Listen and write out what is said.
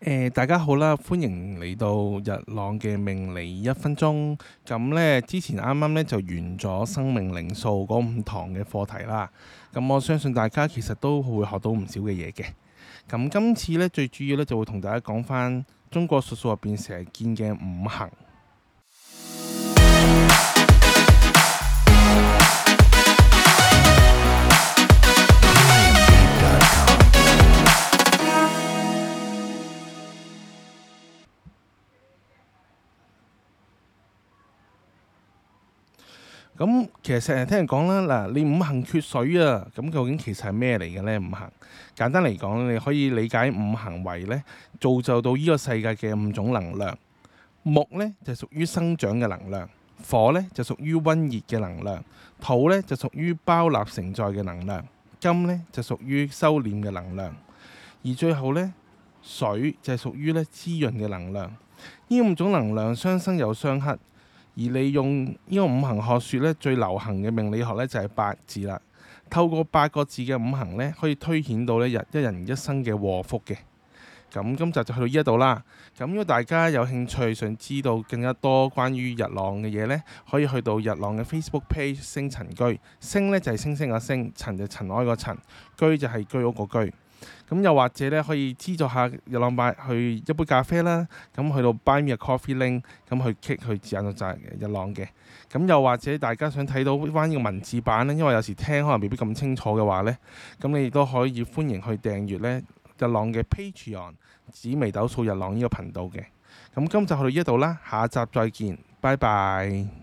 誒、呃，大家好啦，歡迎嚟到日朗嘅命理一分鐘。咁呢之前啱啱呢就完咗生命零數嗰五堂嘅課題啦。咁我相信大家其實都會學到唔少嘅嘢嘅。咁今次呢，最主要呢就會同大家講翻中國術數入邊成日見嘅五行。咁其實成日聽人講啦，嗱，你五行缺水啊，咁究竟其實係咩嚟嘅呢？五行簡單嚟講，你可以理解五行為呢，造就到呢個世界嘅五種能量。木呢就屬於生長嘅能量，火呢就屬於溫熱嘅能量，土呢就屬於包納承載嘅能量，金呢就屬於收斂嘅能量，而最後呢，水就係屬於呢滋潤嘅能量。呢五種能量相生又相剋。而你用呢個五行學説呢，最流行嘅命理學呢就係、是、八字啦。透過八個字嘅五行呢，可以推顯到呢一一人一生嘅禍福嘅。咁、嗯、今集就去到呢一度啦。咁、嗯、如果大家有興趣想知道更加多關於日朗嘅嘢呢，可以去到日朗嘅 Facebook page 星塵居。星呢就係、是、星星個星，塵就塵埃個塵，居就係居屋個居。咁又或者咧，可以資助下日朗買去一杯咖啡啦。咁去到 Buy Me a Coffee Link，咁去 kick 去引到就日朗嘅。咁又或者大家想睇到翻呢個文字版咧，因為有時聽可能未必咁清楚嘅話咧，咁你亦都可以歡迎去訂閱咧日朗嘅 Patreon 紫微斗數日朗呢個頻道嘅。咁今集去到呢度啦，下集再見，拜拜。